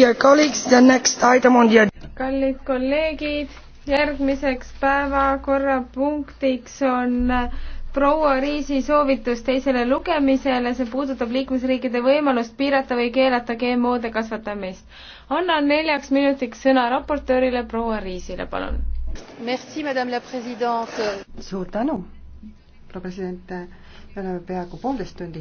kallid kolleegid, järgmiseks päevakorrapunktiks on äh, proua Riisi soovitus teisele lugemisele, see puudutab liikmesriikide võimalust piirata või keelata GMO-de kasvatamist. annan neljaks minutiks sõna raportöörile proua Riisile, palun. suur tänu, proua president, me oleme peaaegu poolteist tundi